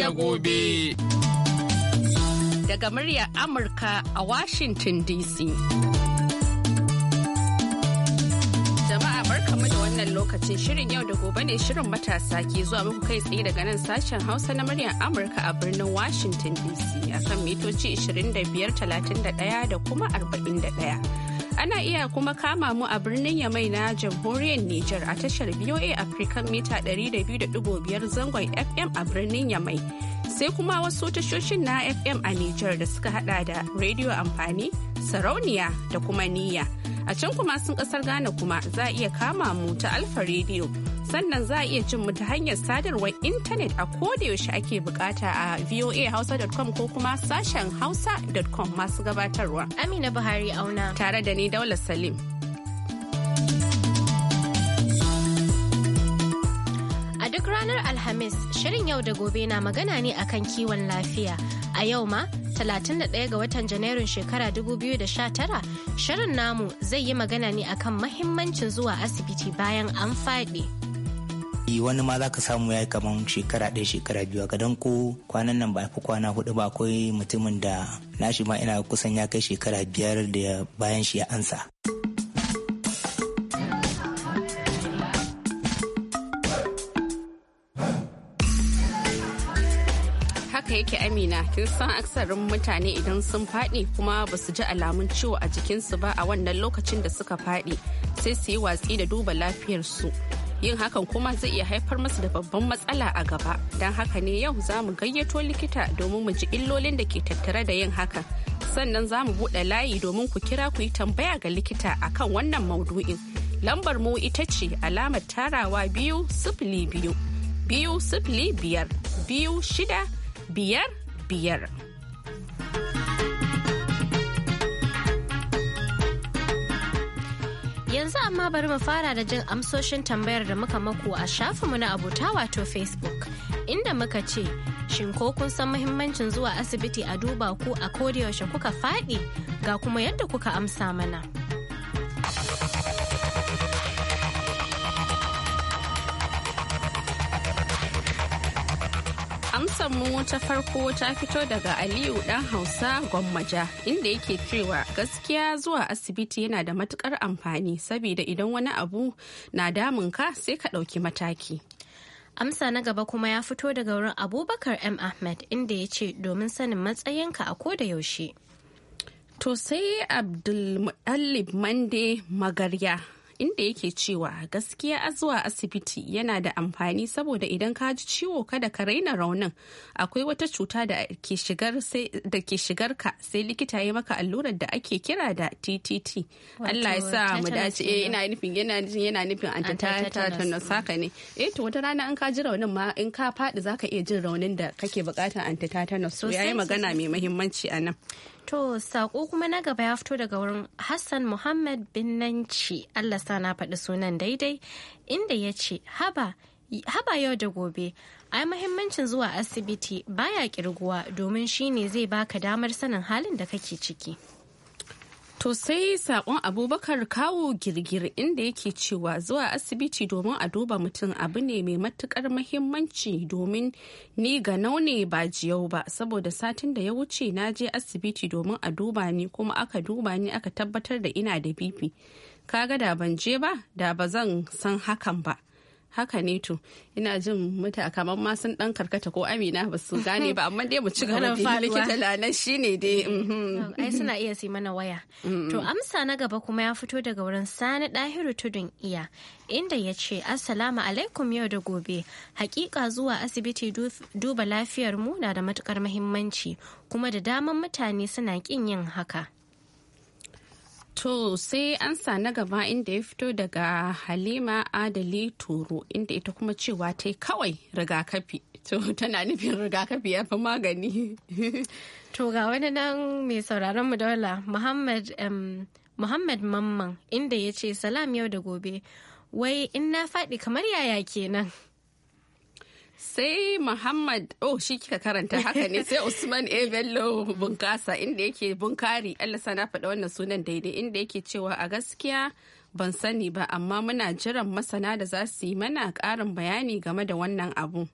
da gobe. Daga muryar Amurka a Washington DC. Jama'a barkamu da wannan lokacin shirin yau da gobe ne shirin matasa ke zuwa muku kai tsaye daga nan sashen Hausa na muryar Amurka a birnin Washington DC a kan mitoci 25, 31 da kuma 41. Ana iya kuma kama mu a birnin Yamai na jamhuriyar Nijar a tashar VOA African mita 200.5 zangon FM a birnin Yamai. Sai kuma wasu tashoshin na FM a Nijar da suka hada da Radio Amfani, Sarauniya da kuma Niyya. A can kuma sun kasar Ghana kuma za a iya kama mu ta Alfa Radio. sannan za a iya cin mu ta hanyar sadarwar intanet a koda yaushe ake bukata a voahausa.com ko kuma sashen hausa.com masu gabatarwa. Amina Buhari auna. Tare da ni Daula Salim. A duk ranar Alhamis, shirin yau da gobe na magana ne akan kiwon lafiya. A yau ma, 31 ga watan janairun shekara 2019 shirin namu zai yi magana ne akan mahimmancin zuwa asibiti bayan an faɗi. E, wani ma za ka samu ya yi kamar shekara ɗaya shekara biyu ka dan ko kwanan nan ba fi kwana hudu ba akwai mutumin da nashi ma ina kusan ya kai shekara biyar da bayan shi ya ansa. haka yake amina kin san aksarin mutane idan sun faɗi kuma ba su ji alamun ciwo a jikinsu ba a wannan lokacin da suka faɗi sai su yi watsi da duba lafiyarsu yin hakan kuma zai iya haifar masu da babban matsala a gaba don haka ne yau za mu gayyato likita domin mu ji illolin da ke tattare da yin hakan sannan za mu buɗe layi domin ku kira ku yi tambaya ga likita akan wannan maudu'in lambar mu ita ce alamar tarawa biyu sifili biyu biyu sifili biyar biyu shida biyar biyar yanzu amma bari mu fara da jin amsoshin tambayar da muka maku a mu na abota wato facebook inda muka ce shin ko kun san muhimmancin zuwa asibiti a duba ku a kodayaushe kuka faɗi ga kuma yadda kuka amsa mana. amsar mu ta farko ta fito daga Aliyu dan Hausa Gwammaja inda yake cewa gaskiya zuwa asibiti yana da matukar amfani saboda idan wani abu na damun ka sai ka ɗauki mataki. Amsa na gaba kuma ya fito daga wurin Abubakar M. Ahmed inda ya ce domin sanin matsayinka a ko da yaushe. To sai Abdulmuɗallib Mande Magarya inda yake cewa gaskiya a zuwa asibiti yana da amfani saboda idan ka ji ciwo kada ka raina raunin akwai wata cuta da ke shigar ka sai likita ya maka allurar da ake kira da ttt allah ya sa mu dace eh ina nufin yana yana nufin antitetanus haka ne eh to wata rana in ka ji raunin ma in ka fadi zaka iya jin raunin da kake bukatar antitetanus so yayi magana mai muhimmanci a nan To, sako kuma na gaba ya fito daga wurin Hassan Muhammad Binnanci, Allah sa na faɗi sunan daidai, inda ya ce, Haba, yau da gobe, ai mahimmancin zuwa asibiti baya kirguwa domin shine zai baka damar sanin halin da kake ciki. To sai sakon abubakar kawo girgir inda yake cewa zuwa asibiti domin a duba mutum abu ne mai matukar mahimmanci domin ni ga naune ba jiyau ba saboda satin da ya wuce na je asibiti domin a duba ni kuma aka duba ni aka tabbatar da ina da bibi. Kaga da ban je ba da ba zan san hakan ba. haka ne to ina jin muta kamar ma sun dan karkata ko amina ba su gane ba amma dai mu ci gaba da likita lalan shine dai mm. mhm. ai suna iya su mana waya mm. to amsa na gaba kuma ya fito daga wurin sani dahiru tudun iya inda ya ce assalamu alaikum yau da gobe hakika zuwa asibiti duba lafiyar mu na da matukar muhimmanci kuma da daman mutane suna kin yin haka To sai an sa na gaba inda ya fito daga Halima Adali Toro inda ita kuma cewa ta yi kawai rigakafi. To tana nufin rigakafi ya fi magani. to ga wani nan mai sauraron mu dola Muhammad Muhammad Mamman inda ya ce salam yau da gobe. Wai in na faɗi kamar yaya kenan. sai muhammad oh shi kika karanta haka ne sai usman a bello bunkasa inda yake bunkari allah sana faɗa wannan sunan daidai inda yake cewa a gaskiya ban sani ba amma muna jiran masana da za su yi mana ƙarin bayani game da wannan abu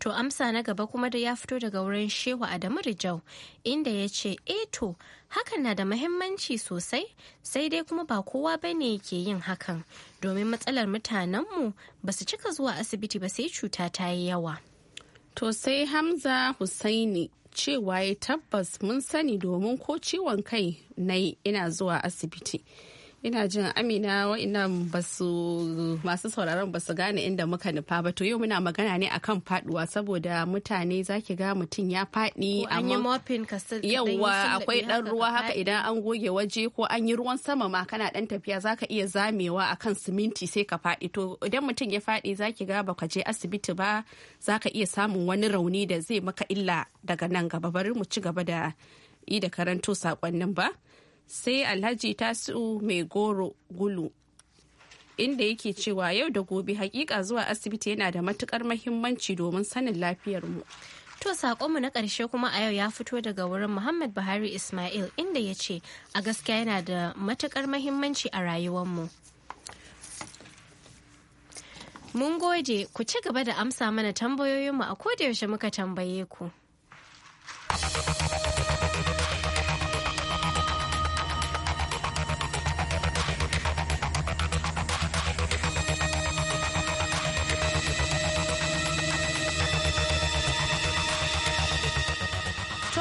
to amsa na gaba kuma da ya fito daga wurin shehu adamu rijau inda ya ce eto eh to hakan na da mahimmanci sosai sai dai kuma ba kowa ba ne ke yin hakan domin matsalar mutanenmu ba su cika zuwa asibiti ba sai cuta ta yi yawa to sai hamza husaini cewa ya tabbas mun sani domin ko ciwon kai na ina zuwa asibiti ina jin amina wa'annan basu masu sauraron basu gane inda muka nufa ba to yau muna magana ne akan faduwa saboda mutane zaki ga mutum ya fadi amma yauwa akwai dan ruwa haka idan an goge waje ko an yi ruwan sama ma kana dan tafiya zaka iya zamewa akan siminti sai ka fadi to idan mutum ya fadi zaki ga baka je asibiti ba zaka iya samun wani rauni da zai maka illa daga nan gaba bari mu ci gaba da yi da karanto sakonnin ba sai alhaji tasu mai goro gulu inda yake cewa yau da gobe hakika zuwa asibiti yana da matukar mahimmanci domin sanin lafiyar mu. To saƙonmu na ƙarshe kuma a yau ya fito daga wurin Muhammad Buhari Ismail inda ya ce a gaskiya yana da matukar mahimmanci a rayuwarmu. Mun gode ku ci gaba da amsa mana tambayoyinmu a yaushe muka tambaye ku.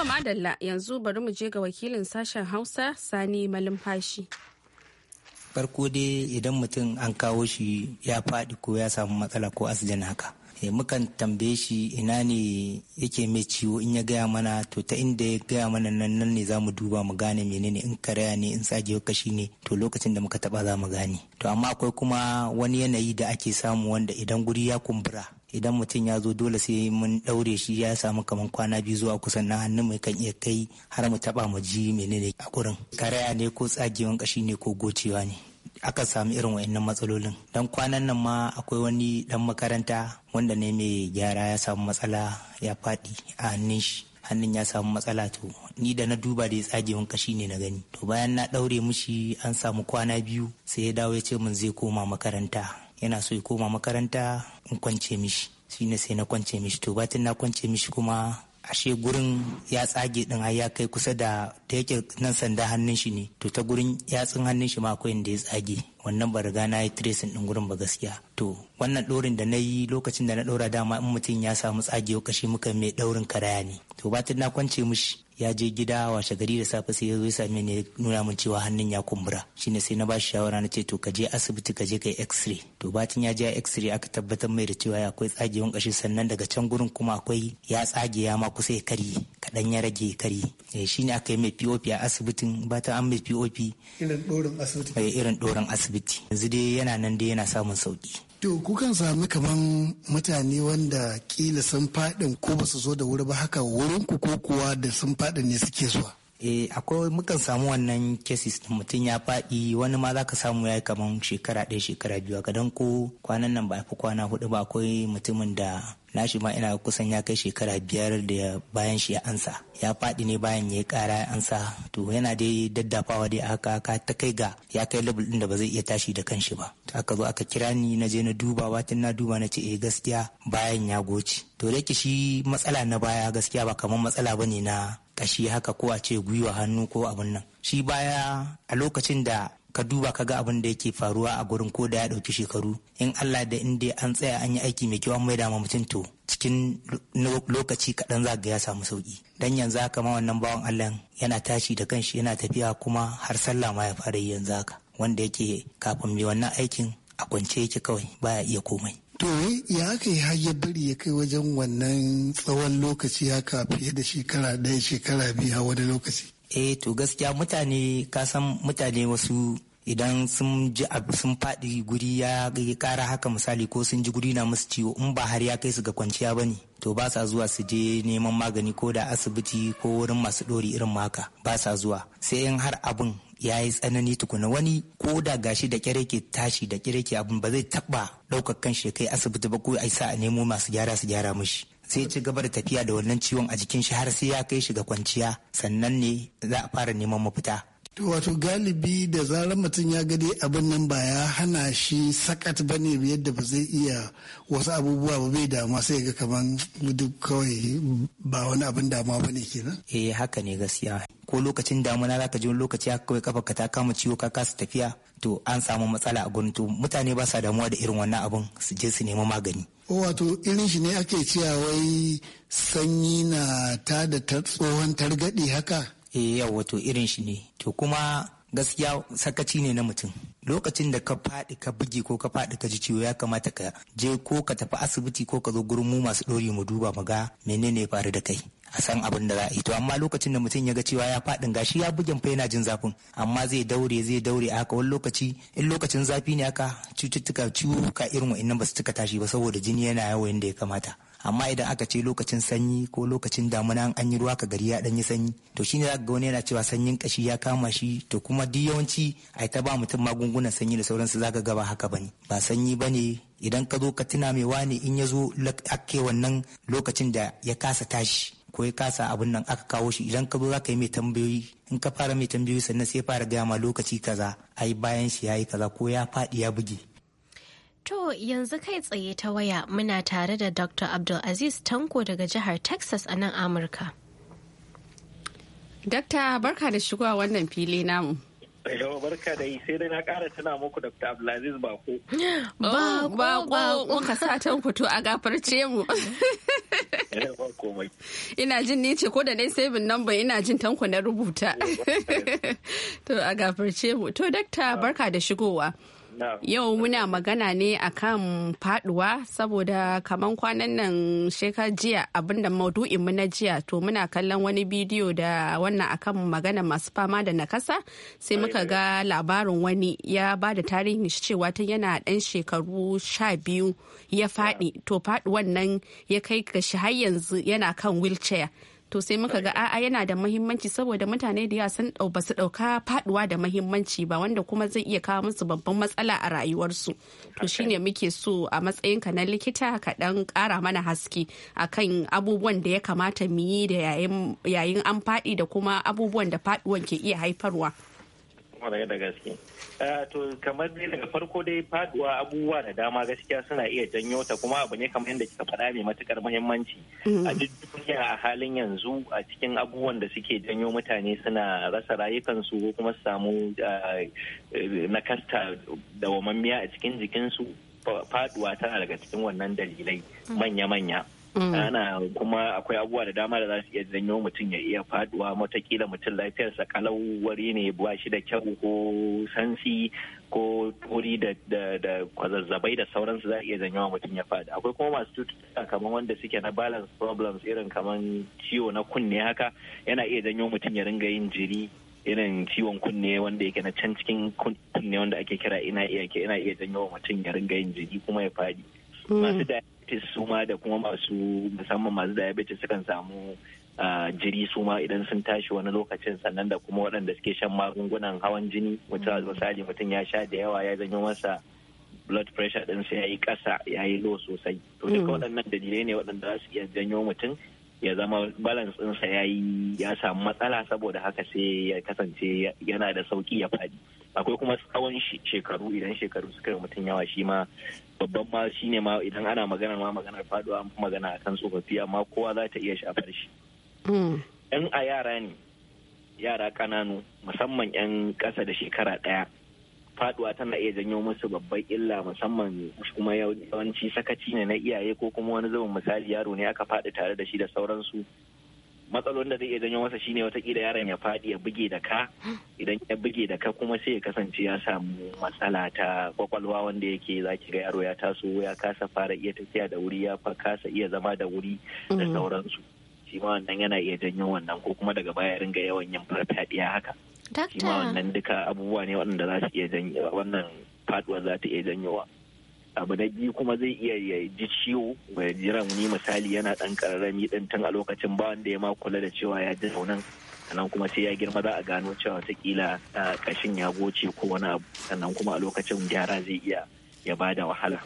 madalla yanzu bari mu je ga wakilin sashen Hausa Sani Malumfashi. Farko dai idan mutum an kawo shi ya faɗi ko ya samu matsala ko asalin haka. Eh, mukan tambaye shi ina ne yake mai ciwo in ya gaya mana to ta inda ya gaya mana nan nan ne zamu duba mu gane menene in karaya ne in tsagewar kashi ne to lokacin da muka taba za mu gane to amma akwai kuma wani yanayi da ake samu wanda idan guri ya kumbura idan mutum ya zo dole sai mun ɗaure shi ya samu kamar kwana biyu zuwa kusan na hannu mai kan iya kai har mu taɓa mu ji menene a gurin karaya ne ko tsagewan kashi ne ko gocewa ne aka samu irin wa'annan matsalolin dan kwanan nan ma akwai wani dan makaranta wanda ne mai gyara ya samu matsala ya faɗi a hannun shi hannun ya samu matsala to ni da na duba da ya tsagewan kashi ne na gani to bayan na ɗaure mushi an samu kwana biyu sai ya dawo ya ce mun zai koma makaranta yana so ya koma makaranta in kwance mishi shi ne sai na kwance mishi to batin na kwance mishi kuma ashe gurin ya tsage din har ya kai kusa da ta yake nan sanda hannun shi ne to ta gurin yatsun hannun shi ma akwai inda ya tsage wannan ba riga na yi tracing din gurin ba gaskiya to wannan dorin da na yi lokacin da na dora dama in mutum ya samu tsagewa kashi muka mai daurin karaya ne to batin na kwance mishi ya je gida washe gari da safe sai ya zo ya same ni nuna min cewa hannun ya kumbura shine sai na ba shi shawara na ce to ka je asibiti ka je kai x-ray to batin ya je x-ray aka tabbatar mai da cewa akwai tsagewan kashi sannan daga can gurin kuma akwai ya tsage ya ma kusa ya karye kaɗan ya rage ya karye eh shine aka yi mai POP a asibitin bata an mai POP irin dorin asibiti eh, irin dorin asibiti yanzu dai yana nan dai yana samun sauki To kukan sami kaman mutane wanda kila sun faɗin ko ba su zo da wuri ba haka wurin ku ko kuwa da sun faɗin ne suke zuwa. Eh akwai mukan samu wannan cases da mutum ya faɗi wani ma zaka samu yayi kaman shekara ɗaya shekara biyu a gadon ko kwanan nan ba fi kwana hudu ba akwai mutumin da nashi ma ina kusan ya kai shekara biyar da bayan shi ya ansa ya faɗi ne bayan ya ƙara ya ansa to yana da daddafawa dai haka ka ta kai ga ya kai level ɗin da ba zai iya tashi da kanshi ba aka zo aka kira ni na je na duba watan na duba na ce eh gaskiya bayan ya goce to da shi matsala na baya gaskiya ba kamar matsala bane na kashi haka ko a ce gwiwa hannu ko abin nan shi baya a lokacin da ka duba ka ga abin da yake faruwa a gurin ko da ya ɗauki shekaru in Allah da inda an tsaya an yi aiki mai kyau an maida ma mutum to cikin lokaci kaɗan za ga ya samu sauki dan yanzu haka ma wannan bawan Allah yana tashi da kanshi yana tafiya kuma har sallah ma ya fara yanzu haka wanda yake kafin mai wannan aikin a kwance yake kawai baya iya komai To ya aka yi har bari ya kai wajen wannan tsawon lokaci haka fiye da shekara ɗaya shekara biyu a wani lokaci? eh to gaskiya mutane ka san mutane wasu idan sun ji sun faɗi guri ya ƙara haka misali ko sun ji guri na musu ciwo in ba har ya kai su ga kwanciya ba ne to ba sa zuwa su je neman magani ko da asibiti ko wurin masu ɗori irin maka ba sa zuwa sai in har abin ya yi tsanani tukuna wani ko da gashi da ke tashi da ke abin ba zai taɓa ɗaukar kan shi kai asibiti ba ko a sa a nemo masu gyara su gyara mishi sai ci gaba da tafiya da wannan ciwon a jikin shi har sai ya kai shi ga kwanciya sannan ne za a fara neman mafita Wato galibi da zarar mutum ya gade abin nan ba ya hana shi sakat ba ne yadda ba zai iya wasu abubuwa ba bai damuwa sai ga kaman duk kawai ba wani abin damuwa ba ne kenan. Eh haka ne gaskiya. Ko lokacin damuna zaka ji wani lokaci haka kawai kafa ka ta kama ciwo ka kasa tafiya to an samu matsala a gurin mutane ba sa damuwa da irin wannan abin su je su nemi magani. wato irin shi ne ake cewa wai sanyi na ta da tsohon targaɗe haka eh yawa to irin shi ne to kuma gaskiya sakaci ne na mutum lokacin da ka faɗi ka buge ko ka faɗi ka ji ciwo ya kamata ka je ko ka tafi asibiti ko ka zo gurin mu masu ɗori mu duba mu ga menene ya faru da kai a san abin da za a yi to amma lokacin da mutum ya ga cewa ya faɗin gashi ya buge fa yana jin zafin amma zai daure zai daure a haka wani lokaci in lokacin zafi ne haka cututtuka ka irin nan ba su cika tashi ba saboda jini yana yawo yadda ya kamata amma idan aka ce lokacin sanyi ko lokacin damuna an yi ruwa ka gari ya danyi sanyi to shine za ga wani yana cewa sanyin kashi ya kama shi to kuma duk yawanci a ta ba mutum magungunan sanyi da sauransu za ka haka ba haka bane ba sanyi ba ne idan ka zo ka tuna mai wane in ya zo ake wannan lokacin da ya kasa tashi ko ya kasa abin nan aka kawo shi idan ka zo za ka yi mai tambayoyi in ka fara mai tambayoyi sannan sai fara gaya ma lokaci kaza ai bayan shi ya yi kaza ko ya faɗi ya buge To yanzu kai tsaye ta waya muna tare da Dr. Abdulaziz Tanko daga jihar Texas a nan Amurka. Dokta barka da shigowa wannan fili namu. Yau barka da yi sai dai na kara tana muku Dr. Abdulaziz Bako. Bako bako ka sa tanku to a gafarce mu. Eh, ina jin ni ce ko da nai saving number ina jin tanku na rubuta. To a gafarce mu. To Dokta ah. barka da shigowa. Yau muna magana ne akan faduwa saboda kaman kwanan nan shekar jiya abinda maudu'in mu na jiya to muna kallon wani bidiyo da wannan akan magana masu fama da nakasa sai muka ga labarin wani ya ba da tarihin shi cewa ta yana dan shekaru sha biyu ya fadi to faɗuwan nan ya kai ga shi har yanzu yana kan wheelchair. to sai muka ga a'a yana da mahimmanci saboda mutane da yawa sun ba su dauka faduwa da mahimmanci ba wanda kuma zai iya kawo musu babban matsala a rayuwarsu to shine muke so a matsayinka na likita ka dan kara mana haske akan abubuwan da ya kamata mu yi da yayin an faɗi da kuma abubuwan da faduwan ke iya haifarwa kwarai da gaske eh, to kamar dai daga farko dai faduwa abubuwa da dama gaskiya suna iya janyo ta kuma abu ne kamar yadda kika faɗa mai matukar muhimmanci mm-hmm. a duk duniya a halin yanzu a cikin abubuwan da suke janyo mutane suna rasa rayukansu ko kuma su samu eh, nakasta dawamammiya a cikin jikinsu faduwa tana daga cikin wannan dalilai mm-hmm. manya-manya. Mm. ana kuma akwai abubuwa da dama da za su iya janyo mutum ya iya faduwa matakila mutum lafiyarsa kalau wari ne ba shi da kyau ko sansi ko turi da kwazazzabai da sauransu za iya janyo mutum ya fadi akwai kuma masu cututtuka kamar wanda suke na balance problems irin kamar ciwo na kunne haka yana iya janyo mutum ya ringa yin jiri irin ciwon kunne wanda yake na can cikin kunne wanda ake kira ina iya ina iya janyo mutum ya ringa yin jiri kuma ya fadi mm. masu da diabetes suma ma da kuma masu musamman masu diabetes sukan samu ah, jiri su idan sun tashi wani lokacin sannan da kuma waɗanda suke shan magungunan hawan jini mm. misali mutum ya sha da yawa ya zanyo masa blood pressure sai ya yi ƙasa ya yi low sosai to duka mm. waɗannan dalilai ne waɗanda za su iya janyo mutum ya zama balance ɗinsa ya yi ya samu matsala saboda haka sai ya kasance yana da sauki ya faɗi akwai kuma tsawon shekaru idan shekaru suka mutum yawa shi ma babban ma shi ne ma idan ana magana ma maganar faduwa magana a kan tsofaffi amma kowa za ta iya shafar shi yan hmm. a yara ne yara kananu musamman yan ƙasa da shekara ɗaya faduwa tana iya janyo musu babban illa musamman kuma yawanci sakaci ne na iyaye ko kuma wani zaman misali yaro ne aka faɗi tare da shi da sauransu matsalolin da zai iya janyo masa shine watakila yaron ya fadi ya buge da ka idan ya buge da ka kuma sai ya kasance ya samu matsala ta kwakwalwa wanda yake zaki ga yaro ya taso ya kasa fara iya tafiya da wuri ya kasa iya zama da wuri da mm-hmm. sauransu shi ma wannan yana iya janyo wannan ko kuma daga baya ringa yawan yin farfadiya haka shi ma wannan duka abubuwa ne waɗanda za su iya janyo wannan faduwa za ta iya janyowa abu na biyu kuma zai iya ya ji ciwo ya ji rauni misali yana dan kararrami din tun a lokacin ba wanda ya ma kula da cewa ya ji raunin sannan kuma sai ya girma za a gano cewa watakila kashin ya goce ko wani abu sannan kuma a lokacin gyara zai iya ya ba da wahala.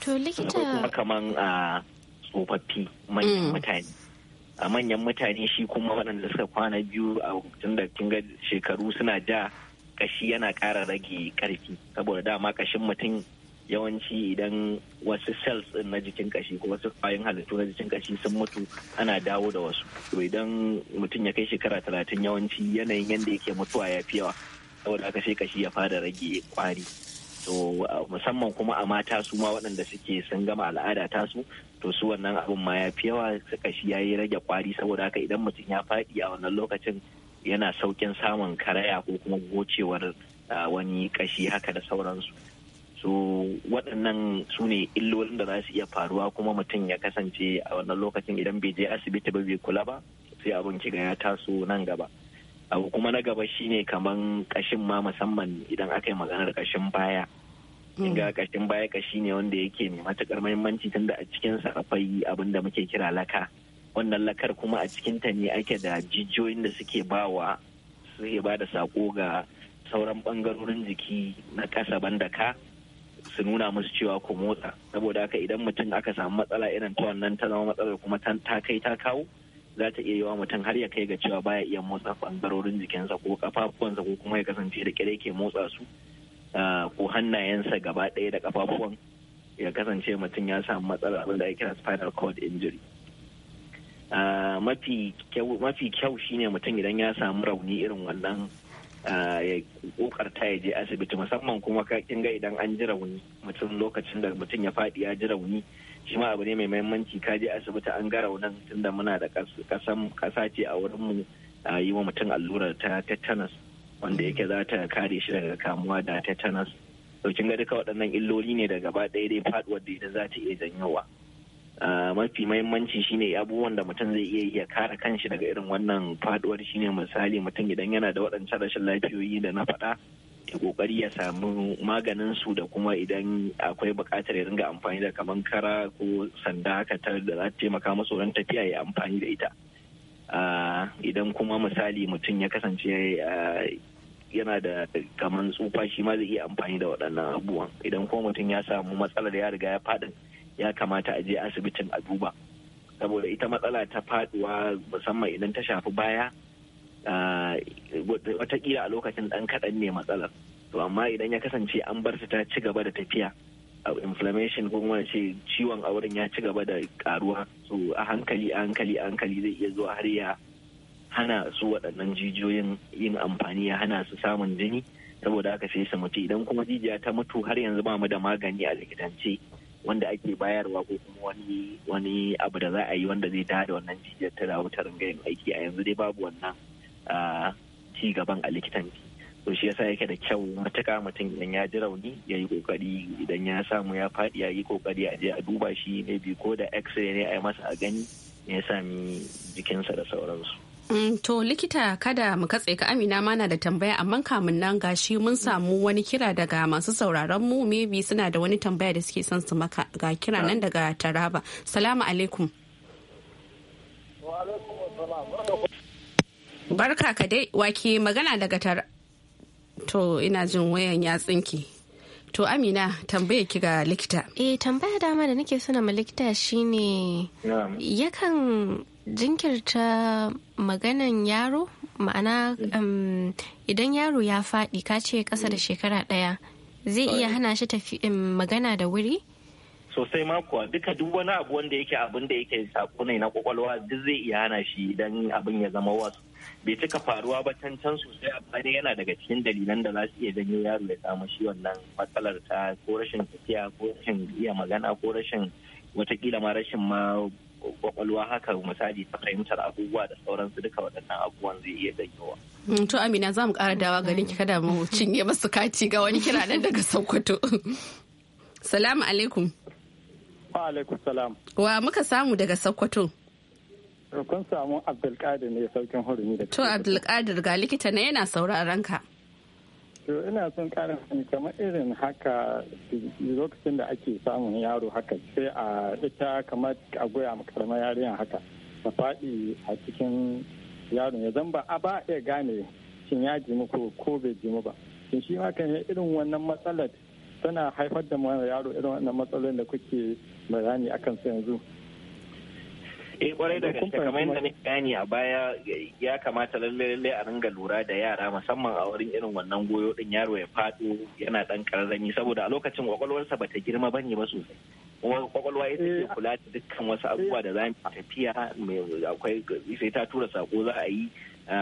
To likita. kaman a tsofaffi manyan mm. mutane. A manyan mutane shi kuma waɗanda suka kwana biyu a tun da kin ga shekaru suna ja kashi yana ƙara rage ƙarfi saboda dama kashin mutum yawanci idan wasu cells din na jikin kashi ko wasu kwayoyin halittu na jikin kashi sun mutu ana dawo da wasu to idan mutum ya kai shekara talatin yawanci yanayin yadda yake mutuwa ya fi yawa saboda haka sai kashi ya fara rage kwari to musamman kuma a mata su ma waɗanda suke sun gama al'ada tasu to su wannan abin ma ya fi yawa kashi ya yi rage kwari saboda haka idan mutum ya faɗi a wannan lokacin yana saukin samun karaya ko kuma gocewar wani kashi haka da sauransu so waɗannan su ne illolin da za su iya faruwa kuma mutum ya kasance a wannan lokacin idan bai je asibiti ba bai kula ba sai abin kiga ya taso nan gaba abu kuma na gaba shine kaman kashin ma musamman idan aka yi maganar kashin baya ga kashin mm. baya kashi ne wanda yake mai matukar muhimmanci tunda a cikinsa akwai abin da muke kira laka wannan lakar kuma a cikin ta ne ake da jijiyoyin da suke bawa suke ba da sako ga sauran bangarorin jiki na kasa banda ka su nuna musu cewa ku motsa saboda haka idan mutum aka samu matsala irin ta wannan ta zama matsalar kuma ta kai ta kawo za ta iya yiwa mutum har ya kai ga cewa baya iya motsa bangarorin jikinsa ko kafafuwansa ko kuma ya kasance da kire ke motsa su ko hannayensa gaba ɗaya da kafafuwan ya kasance mutum ya samu matsala abin da ake kira spinal cord injury mafi kyau shine mutum idan ya samu rauni irin wannan Eh, ya kokarta ya je asibiti musamman kuma ka ga idan an ji rauni mutum lokacin da mutum ya faɗi ya ji rauni shi ma abu ne mai mahimmanci ka je asibiti an ga raunin tunda muna da kasa ce a wurin mu yi wa mutum allurar ta tetanus wanda yake za ta kare shi daga kamuwa da tetanus to kin ga duka waɗannan illoli ne da gaba ɗaya dai faɗuwar da ita za ta iya janyowa Ah, mafi mahimmanci shine abubuwan da mutum zai iya yi ya kare kanshi daga irin wannan faduwar shine misali mutum idan yana da waɗancan rashin lafiyoyi da na faɗa ya kokari ya samu maganin su da kuma idan akwai buƙatar ya ringa amfani da kaman kara ko sanda haka ta da za ta taimaka masa wurin tafiya ya amfani da ita ah, idan kuma misali mutum ya kasance ah, yana da kaman tsufa shi ma zai iya amfani da waɗannan abubuwan idan kuma mutum ya samu matsalar ya riga ya faɗin ya kamata a je asibitin a duba saboda ita matsala ta faduwa musamman idan ta shafi baya ah, watakila a lokacin dan kaɗan ne matsalar to amma idan ya kasance an bar ta ci gaba da tafiya a ah, inflammation ko kuma ce ciwon a wurin ya ci gaba da karuwa so a hankali a hankali a hankali zai iya zuwa har ya hana su waɗannan jijiyoyin yin amfani ya hana su samun jini saboda haka sai su mutu idan kuma jijiya ta mutu har yanzu ba mu da magani a likitance wanda ake bayarwa ko kuma wani wani abu da za a yi wanda zai da wannan jijiyar ta dawo ta ringa aiki a yanzu dai babu wannan ci gaban a likitanci to shi yasa yake da kyau matuka mutum idan ya ji rauni ya yi kokari idan ya samu ya faɗi ya yi kokari a je a duba shi ne bi ko da x-ray ne a yi masa a gani ne ya sami jikinsa da sauransu Mm, to likita kada mu katse ka amina mana da tambaya amma kamun nan gashi mun samu wani kira daga masu sauraron mu maybe suna da wani tambaya da suke son su maka ga kira nan daga taraba salamu alaikum barka ka dai wake magana daga taraba to ina jin wayan ya tsinki to amina tambaya ki ga likita eh tambaya dama da nake suna ma likita shine yakan jinkirta maganan yaro ma'ana idan yaro ya faɗi ka ce ƙasa da mm. shekara ɗaya zai iya hana shi tafi magana da wuri sosai makuwa duka duk wani abu wanda yake abin da yake sako ne na kwakwalwa duk zai iya hana shi idan abin ya zama wasu bai cika faruwa ba can can sosai amma dai yana daga cikin dalilan da za su iya janyo yaro ya samu shi wannan matsalar ta ko rashin tafiya ko rashin iya magana ko rashin watakila ma rashin ma kwakwalwa haka misali ta fahimtar abubuwa da sauransu duka waɗannan abubuwan zai iya ganyowa. Mm, to amina za mu ƙara dawa garin ki kada mu cinye masu kati ga wani kira nan daga sokoto salamu alaikum wa alaikum salam wa muka samu daga sokoto kun samu abdulkadir ne saukin hurumi da to abdulkadir ga likita na yana sauraron ka to ina son ƙara sani kamar irin haka lokacin da ake samun yaro haka sai a ita kamar a goya makarama yarinya haka ta faɗi a cikin yaro ya zan ba a ba iya gane shin ya jimu ko ko bai jimu ba shin shi ma kan irin wannan matsalar tana haifar da yaro irin wannan matsalolin da kuke bayani akan su yanzu eh kwarai da gaske kamar yadda ne gani a baya ya kamata lalle lalle a ringa lura da yara musamman a wurin irin wannan goyo din yaro ya fado yana dan karrami saboda a lokacin kwakwalwarsa bata girma ba bane ba sosai kwakwalwa ita ke eh. kula da dukkan wasu abubuwa da za mu tafiya akwai sai ta tura sako za a yi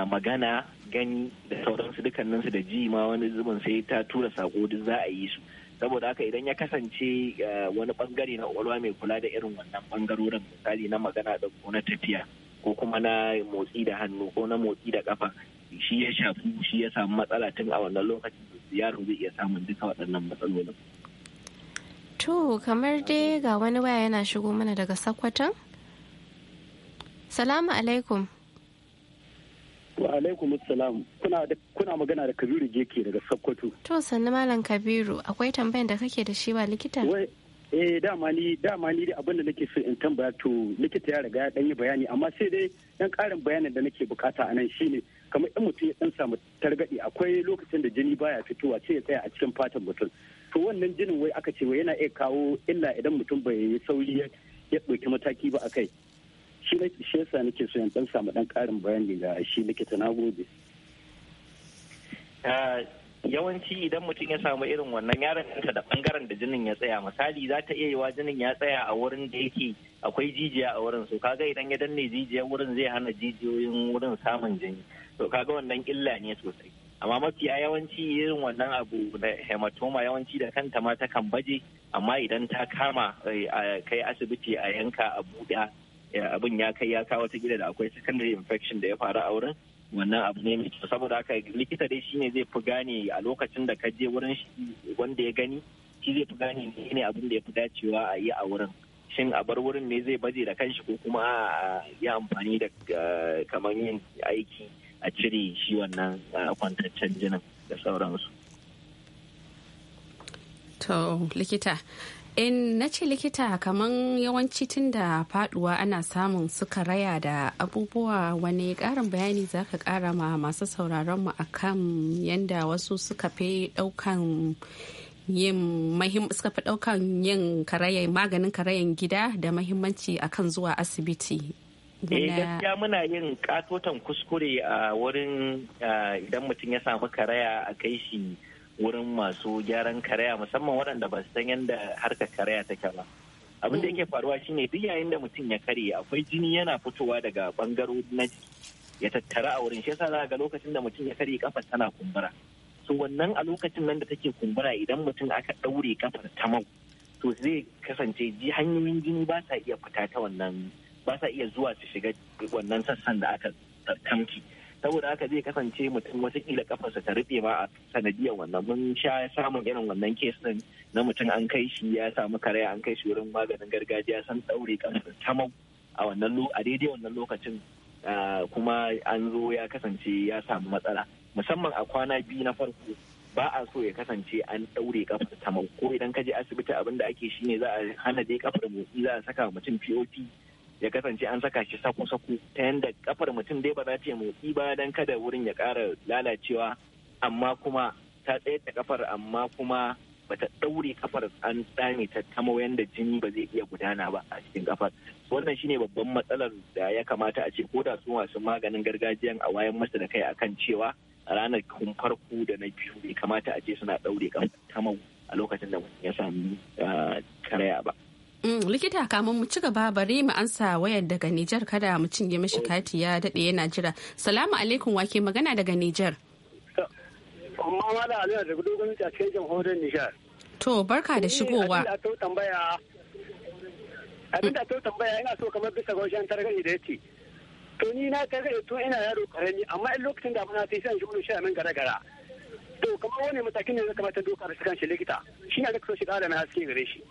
magana gani da sauransu dukkaninsu da ji ma wani zubin sai ta tura sako duk za a yi su saboda haka idan ya kasance eh, wani bangare na kwakwalwa mai kula da irin wannan bangarorin misali na magana da ko na tafiya ko kuma na motsi da hannu ko na motsi da kafa shi ya shafi shi ya samu matsala tun a wannan lokacin yaro zai iya samun duka waɗannan matsalolin. To kamar dai ga wani waya yana shigo mana daga Sakwatan? Salamu alaikum. Wa alaikum salam. Kuna magana da Kabiru Geke daga Sokoto. To sannu Malam Kabiru, akwai tambayar da kake da shi ba likita? eh dama ni dama ni abin da nake so in tambaya to likita ya riga ya dan yi bayani amma sai dai dan karin bayanin da nake bukata a nan shine kamar in mutum ya dan samu targadi akwai lokacin da jini baya fitowa ce ya tsaya a cikin fatan mutum to wannan jinin wai aka ce wai yana iya kawo illa idan mutum bai sauri ya ɗauki mataki ba akai shi na shi yasa nake so yan dan samu dan karin bayani ga shi likita na gode ah, yawanci idan mutum ya samu irin wannan yaron ta da bangaren da jinin ya tsaya misali za ta iya yiwa jinin ya tsaya a wurin da yake akwai jijiya a wurin so kaga idan ya danne jijiyar wurin zai hana jijiyoyin wurin samun jini to kaga wannan illa ne sosai amma mafiya yawanci irin wannan abu da hematoma yawanci da kanta ma takan baje amma idan ta kama eh, kai asibiti a yanka a buɗa Eh, abin ya kai ya kawo ta gida da akwai secondary infection da ya faru a wurin wannan abu ne mai saboda haka likita dai shine zai fi gane a lokacin da ka je wurin wanda ya gani shi zai fi gane ne abin da ya fi dacewa a yi a wurin shin a bar wurin ne zai baje da kanshi ko kuma a yi amfani da eh, kamar yin aiki a cire shi wannan eh, kwantaccen jinin da sauransu to likita in na ce likita kamar yawanci tun da faduwa ana samun suka raya da abubuwa wani karin bayani za ka kara ma masu sauraron mu akan yadda wasu suka fi daukan yin suka fi daukan yin karayen maganin karayan gida da mahimmanci akan zuwa asibiti eh gaskiya muna yin katotan kuskure a wurin eh, idan mutum ya samu karaya a kai shi wurin masu gyaran karaya musamman waɗanda ba su san yadda harkar karaya take ba abin da yake faruwa shine duk yayin da mutum ya karye akwai jini yana fitowa daga bangarori na ya tattara a wurin shi yasa za ga lokacin da mutum ya karye kafa tana kumbura To wannan a lokacin nan da take kumbura idan mutum aka ɗaure kafar ta mau to zai kasance ji hanyoyin jini ba sa iya fita ta wannan ba sa iya zuwa su shiga wannan sassan da aka tamki saboda haka zai kasance mutum kila kafarsa ta rufe ma a sanadiyar wannan mun sha samun irin wannan kes din na mutum an kai shi ya samu karaya an kai shi wurin maganin gargajiya san daure kafarsa tamau a wannan a daidai wannan lokacin kuma an zo ya kasance ya samu matsala musamman a kwana biyu na farko ba a so ya kasance an ɗaure kafar tamau ko idan ka je asibiti abinda ake shine za a hana dai kafar motsi za a saka mutum pop ya kasance an saka shi sako-sako ta yadda kafar mutum dai ba za ta motsi ba don kada wurin ya kara lalacewa amma kuma ta tsaye ta kafar amma kuma bata ɗaure kafar an tsame ta kama yadda jini ba zai iya gudana ba a cikin kafar wannan shine babban matsalar da ya kamata a ce ko da su masu maganin gargajiyan a wayan masa da kai akan cewa a ranar kun farko da na biyu bai kamata a ce suna ɗaure kafar kama a lokacin da mutum ya sami ah, karaya ba. Mm, likita kamun mu ci gaba bari mu ansa wayar daga Nijar kada mu cinye mashi kati ya daɗe yana jira. Salamu alaikum wake magana daga Nijar. Amma ma da aliyar da gudu a cikin jamhuriyar Nijar. To barka da eh, shigowa. Abin da ta tambaya ina so kamar bisa ga wajen targaɗe da yake. To ni na targaɗe tun ina yaro karami amma in lokacin da muna sai shi wani shi gara gara. To kamar wani matakin ne zai kamata doka da su kan shi likita. Shi na da kusa shi ƙara na haske gare shi.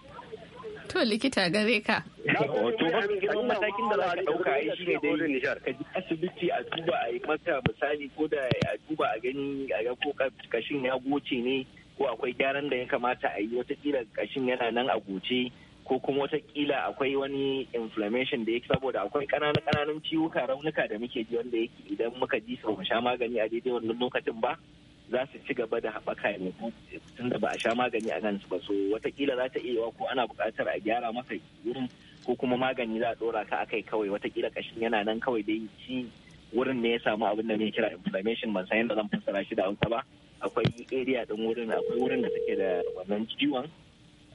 To likita gare ka. Wato matakin da za ka ɗauka a yi shi ne dai Nijar. Ka ji asibiti a duba a yi mata misali ko da a duba a gani a ga ko kashin ya goce ne ko akwai gyaran da ya kamata a yi wata kila kashin yana nan a goce ko kuma wata kila akwai wani inflammation da yake saboda akwai ƙananan kananan ciwuka raunuka da muke ji wanda yake idan muka ji su ba sha magani a daidai wannan lokacin ba za su ci gaba da haɓaka ya tun da ba a sha magani a kansu ba so watakila za ta iya ko ana buƙatar a gyara masa wurin ko kuma magani za a ɗora ka akai kawai watakila ƙashin yana nan kawai dai ci wurin ne ya samu abin da mai kira inflammation ban san yadda zan fassara shi da hausa ba akwai area ɗin wurin akwai wurin da take da wannan ciwon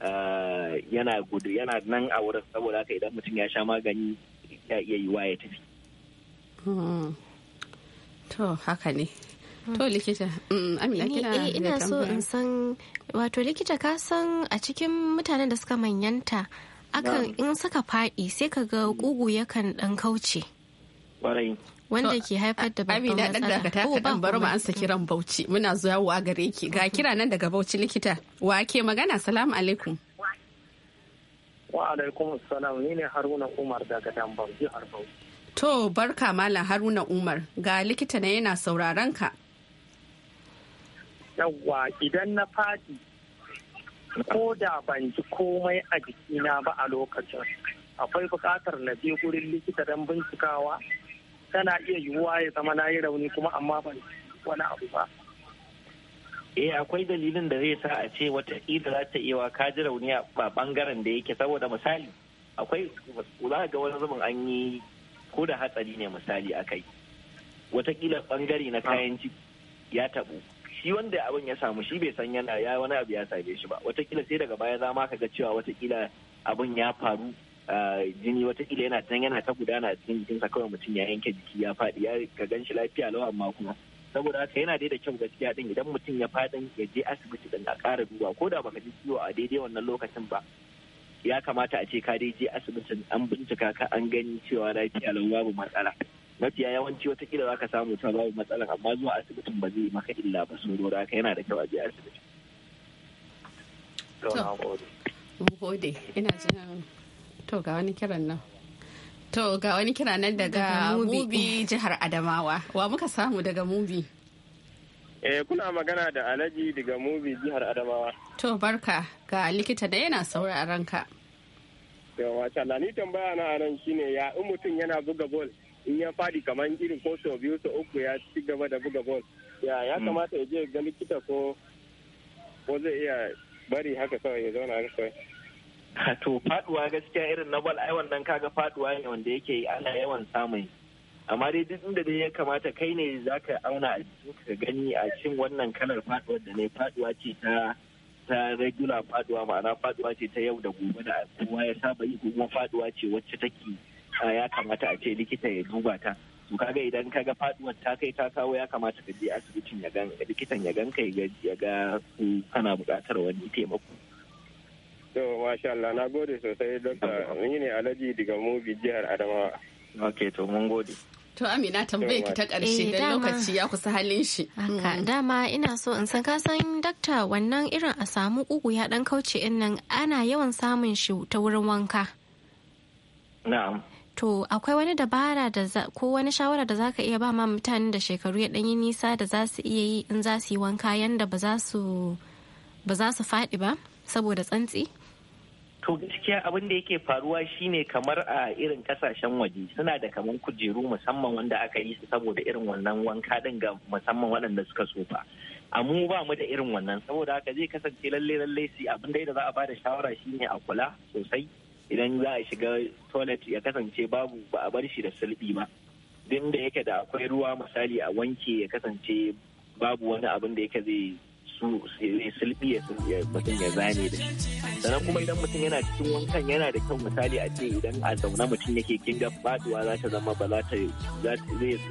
ah, yana gudu yana nan a wurin saboda haka idan mutum ya sha magani ya iya yiwa ya tafi. Hmm. To haka ne. To likita, mm, Amina eh, ina so in san wato likita ka san a cikin mutanen da suka manyanta akan in suka faɗi sai ka ga kugu yakan ɗan kauce. Wanda ke haifar da babban matsala. Amina ɗan daga ta kaɗan bari mu ansa kiran mm. Bauchi muna zuwa gare ki ga kira nan daga Bauchi likita wa ke magana salamu alaikum. Wa alaikum salam ni ne Haruna Umar daga Dambar jihar Bauchi. To barka Malam Haruna Umar ga likita na yana sauraron ka. yawwa idan na fadi ko da ban ji komai a jikina ba a lokacin akwai buƙatar na je gurin likita don bincikawa tana iya yiwuwa ya zama na yi rauni kuma amma ban wani abu ba eh akwai dalilin da zai sa a ce wata ida za ta iya ka ji rauni a bangaren da yake saboda misali akwai za ga wani zubin an yi ko da hatsari ne misali akai wata watakila bangare na kayan ciki ya taɓo. shi wanda abin ya samu shi bai san yana ya wani abu ya same shi ba watakila sai daga baya za ma ka ga cewa watakila abin ya faru jini watakila yana can yana ta gudana a jikin sa kawai mutum ya yanke jiki ya faɗi ya ka gan shi lafiya lawa amma kuma saboda haka yana dai da kyau gaskiya din idan mutum ya faɗin ya je asibiti din a ƙara duba ko da baka ji ciwo a daidai wannan lokacin ba ya kamata a ce ka dai je asibitin an bincika ka an gani cewa lafiya lawa babu matsala mafiya yawanci watakila za ka samu ta babu matsalar amma zuwa asibitin ba zai maka illa ba so da haka yana da kyau a je asibiti. gode ina jin to ga wani kiran nan to ga wani kiran nan daga mubi jihar adamawa wa muka samu daga mubi eh kuna magana da alhaji daga mubi jihar adamawa to barka ga likita da yana saura a ranka. yawa ni tambaya na anan shine ya in mutum yana buga bol in ya fadi kamar irin ko sau biyu sau uku ya ci gaba da buga bol ya ya mm. kamata ya je ga likita ko ko zai iya bari haka kawai ya zauna haka kawai to faduwa gaskiya irin na bal ai wannan kaga faduwa ne wanda yake ana yawan samun amma dai duk inda dai ya kamata kai ne zaka auna a ka gani a cin wannan kalar faduwar da ne faduwa ce ta ta regular faduwa ma'ana faduwa ce ta yau da gobe da kowa ya saba yi kuma faduwa ce wacce take ya kamata a ce likita ya duba ta to kaga idan kaga faduwar ta kai ta kawo ya kamata ka je asibitin ya gan likitan ya gan kai ya ga kana buƙatar wani taimako to masha Allah na gode sosai dokta ni ne Alhaji daga Mubi jihar Adamawa okay to mun gode To Amina tambaye ki ta karshe eh, da lokaci ya kusa halin shi. Haka mm. dama ina so in san ka san dakta wannan irin a samu kugu ya dan kauce in nan ana yawan samun shi ta wurin wanka. Na'am. to akwai wani dabara da ko wani shawara da zaka iya ba ma mutanen da shekaru ya ɗanyi nisa da za su iya yi in za su yi wanka yanda ba za su ba za su faɗi ba saboda tsantsi to gaskiya abin da yake faruwa shine kamar a irin kasashen waje suna da kamar kujeru musamman wanda aka yi su saboda irin wannan wanka din ga musamman waɗanda suka tsufa a mu ba mu da irin wannan saboda haka zai kasance lalle lalle su abin da za a bada shawara shine a kula sosai idan za a shiga toilet ya kasance babu ba a bar shi da sulbi ba din da yake da akwai ruwa misali a wanke ya kasance babu wani abin da yake zai sulbi ya mutum ya zane da shi sannan kuma idan mutum yana cikin wankan yana da kyau misali a ce idan a zaune mutum yake kinga faduwa za ta zama ba za ta zai mm-hmm.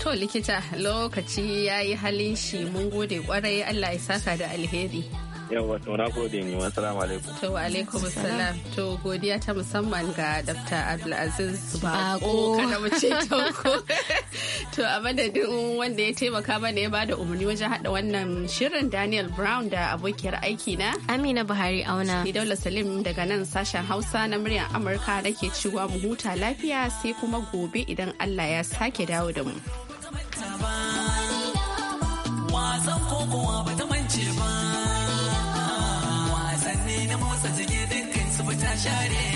To likita lokaci ya yi halin shi mun gode kwarai Allah ya saka da alheri. Yawwa to gode ne wa salamu alaikum. To wa alaikum salam. To godiya ta musamman ga Dr. Abdulaziz Bako kada mu ce ko. To a madadin wanda ya taimaka mana ya bada umarni wajen hada wannan shirin Daniel Brown da abokiyar aiki na Amina Buhari Auna. Ni Daula Salim daga nan sashen Hausa na muryar Amurka nake cewa mu huta lafiya sai kuma gobe idan Allah ya sake dawo da mu. shut it.